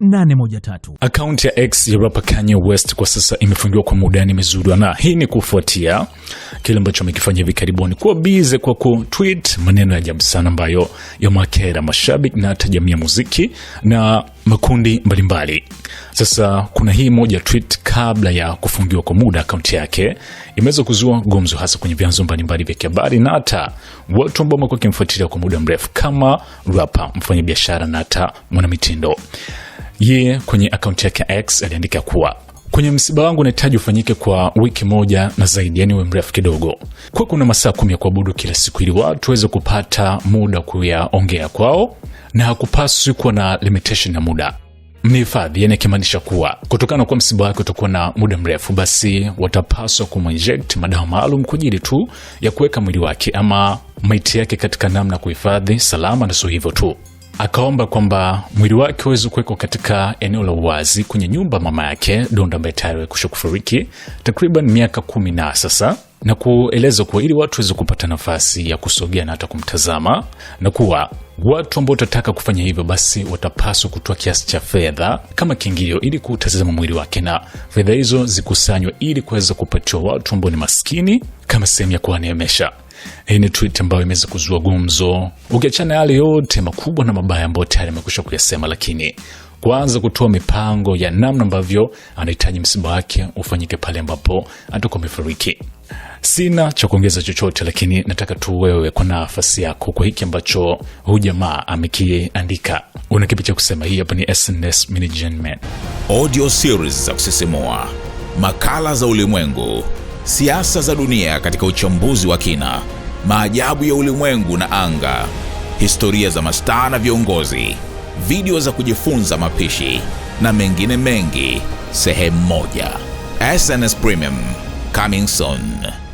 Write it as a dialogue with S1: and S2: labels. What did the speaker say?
S1: 813.
S2: Akaunti ya X ya rapa Kanye West kwa sasa imefungiwa kwa muda, nimezudwa, na hii ni kufuatia kile ambacho amekifanya hivi karibuni, kuwa bize kwa kutweet maneno ya ajabu sana ambayo yamakera mashabiki na hata jamii ya muziki na makundi mbalimbali. mbali. Sasa kuna hii moja tweet kabla ya kufungiwa kwa muda akaunti yake imeweza kuzua gumzo, hasa kwenye vyanzo mbalimbali vya kihabari na hata watu ambao wamekuwa wakimfuatilia kwa muda mrefu, kama rapa, mfanyabiashara na hata mwanamitindo. Yeye kwenye akaunti yake X aliandika kuwa kwenye msiba wangu unahitaji ufanyike kwa wiki moja na zaidi, yani uwe mrefu kidogo, Kuwe kuna masaa kumi ya kuabudu kila siku, ili watu waweze kupata muda kuyaongea kwao na hakupaswi kuwa na limitation ya muda mhifadhi yani akimaanisha kuwa kutokana kuwa msiba wake utakuwa na muda mrefu basi watapaswa kumwinjekt madawa maalum kwa ajili tu ya kuweka mwili wake ama maiti yake katika namna kuhifadhi salama na sio hivyo tu akaomba kwamba mwili wake uweze kuwekwa katika eneo la uwazi kwenye nyumba mama yake donda ambaye tayari kusha kufariki takriban miaka kumi na sasa na kueleza kuwa ili watu waweze kupata nafasi ya kusogea na hata kumtazama na kuwa Watu ambao watataka kufanya hivyo, basi watapaswa kutoa kiasi cha fedha kama kiingilio ili kutazama mwili wake, na fedha hizo zikusanywe ili kuweza kupatiwa watu ambao ni maskini kama sehemu ya kuwaneemesha. Hii ni tweet ambayo imeweza kuzua gumzo, ukiachana yale yote makubwa na mabaya ambayo tayari amekusha kuyasema, lakini kwanza kutoa mipango ya namna ambavyo anahitaji msiba wake ufanyike pale ambapo atakuwa amefariki. Sina cha kuongeza chochote, lakini nataka tu wewe kwa nafasi yako, kwa hiki ambacho huyu jamaa amekiandika, una kipi cha kusema? Hii hapa ni SNS Management
S3: audio series za kusisimua, makala za ulimwengu, siasa za dunia katika uchambuzi wa kina, maajabu ya ulimwengu na anga, historia za mastaa na viongozi, video za kujifunza mapishi na mengine mengi, sehemu moja. SNS Premium coming soon.